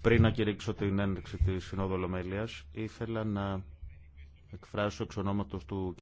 Πριν να κηρύξω την ένδειξη της Συνόδου Ολομέλειας, ήθελα να εκφράσω εξ ονόματος του